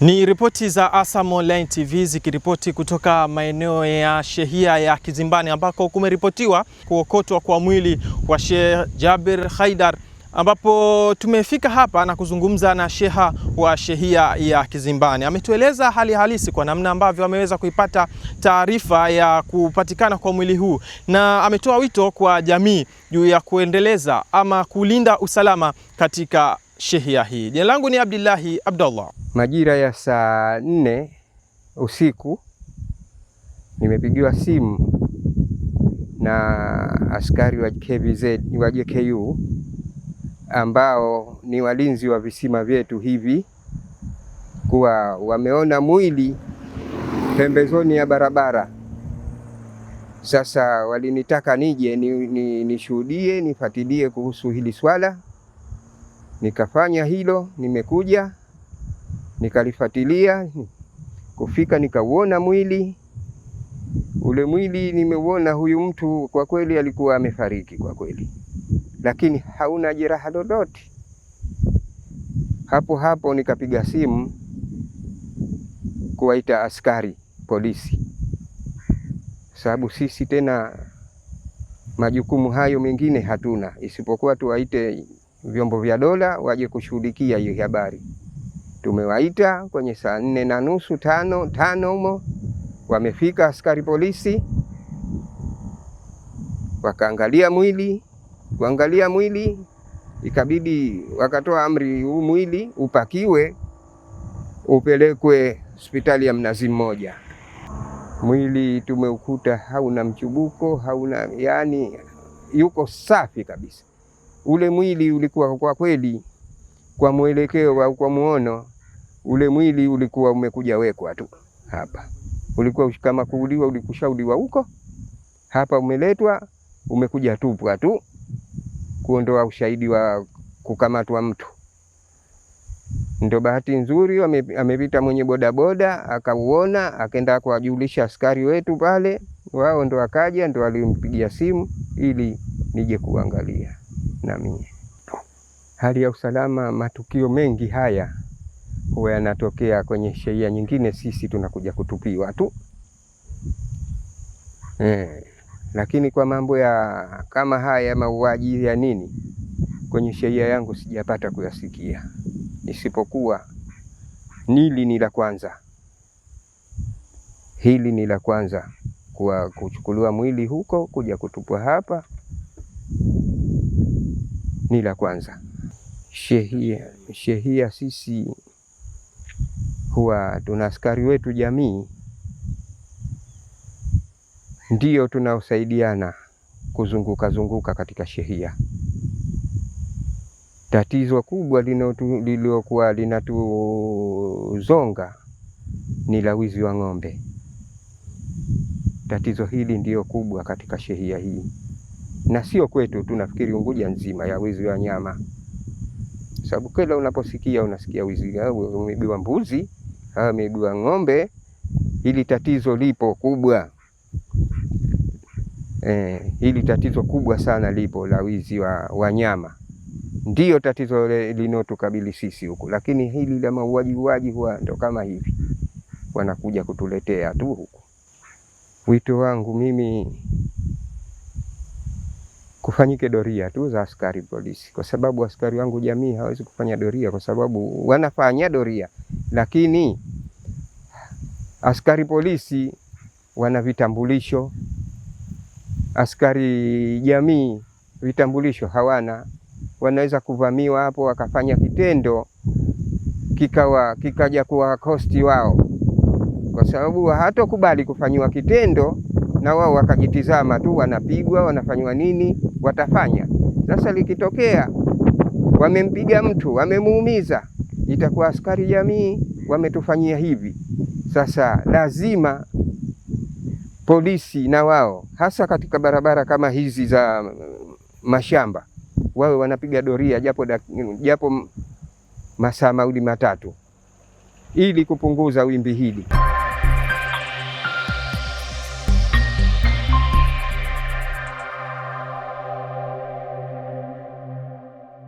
Ni ripoti za Asam Online TV zikiripoti kutoka maeneo ya shehia ya Kizimbani ambako kumeripotiwa kuokotwa kwa mwili wa Sheikh Jabir Haidar ambapo tumefika hapa na kuzungumza na sheha wa shehia ya Kizimbani. Ametueleza hali halisi kwa namna ambavyo ameweza kuipata taarifa ya kupatikana kwa mwili huu, na ametoa wito kwa jamii juu ya kuendeleza ama kulinda usalama katika shehia hii. Jina langu ni abdullahi Abdullah. Majira ya saa nne usiku nimepigiwa simu na askari wa KVZ, wa JKU ambao ni walinzi wa visima vyetu hivi kuwa wameona mwili pembezoni ya barabara. Sasa walinitaka nije nishuhudie, ni, ni nifatilie kuhusu hili swala, nikafanya hilo, nimekuja nikalifuatilia kufika, nikauona mwili ule. Mwili nimeuona, huyu mtu kwa kweli alikuwa amefariki kwa kweli, lakini hauna jeraha lolote. Hapo hapo nikapiga simu kuwaita askari polisi, sababu sisi tena majukumu hayo mengine hatuna isipokuwa tuwaite vyombo vya dola waje kushughulikia hiyo habari. Tumewaita kwenye saa nne na nusu tano tano humo, wamefika askari polisi, wakaangalia mwili, kuangalia mwili ikabidi wakatoa amri, huu mwili upakiwe upelekwe hospitali ya Mnazi Mmoja. Mwili tumeukuta hauna mchubuko, hauna yani, yuko safi kabisa. Ule mwili ulikuwa kwa kweli, kwa mwelekeo au kwa muono ule mwili ulikuwa umekuja wekwa tu hapa, ulikuwa kama kuuliwa, ulikushauliwa huko hapa, umeletwa umekuja tupwa tu, kuondoa ushahidi wa kukamatwa mtu. Ndio bahati nzuri amepita mwenye bodaboda akauona, akaenda kuwajulisha askari wetu pale, wao ndo akaja, ndo alimpigia simu ili nije kuangalia na mimi hali ya usalama. Matukio mengi haya huwa yanatokea kwenye sheria nyingine, sisi tunakuja kutupiwa tu eh. Lakini kwa mambo ya kama haya mauaji ya nini, kwenye sheria yangu sijapata kuyasikia, isipokuwa nili ni la kwanza, hili ni la kwanza kwa kuchukuliwa mwili huko kuja kutupwa hapa, ni la kwanza. Shehia shehia sisi huwa tuna askari wetu jamii, ndio tunaosaidiana kuzunguka zunguka katika shehia. Tatizo kubwa lililokuwa linatuzonga ni la wizi wa ng'ombe. Tatizo hili ndiyo kubwa katika shehia hii, na sio kwetu tunafikiri Unguja nzima ya wizi wa nyama, sababu kila unaposikia unasikia wizi umeibiwa mbuzi, hawa miguu ya ng'ombe, hili tatizo lipo kubwa eh, hili tatizo kubwa sana lipo la wizi wa wanyama, ndiyo tatizo linotukabili sisi huku, lakini hili la mauaji uaji huwa ndo kama hivi wanakuja kutuletea tu huku. Wito wangu mimi kufanyike doria tu za askari polisi, kwa sababu askari wangu jamii hawezi kufanya doria, kwa sababu wanafanya doria lakini askari polisi wana vitambulisho, askari jamii vitambulisho hawana. Wanaweza kuvamiwa hapo wakafanya kitendo kikawa kikaja kuwa kosti wao, kwa sababu hatokubali kufanyiwa kitendo na wao wakajitizama tu, wanapigwa wanafanywa nini, watafanya sasa. Likitokea wamempiga mtu wamemuumiza, itakuwa askari jamii wametufanyia hivi. Sasa lazima polisi na wao hasa katika barabara kama hizi za mm, mashamba wawe wanapiga doria japo, japo masaa mawili matatu ili kupunguza wimbi hili.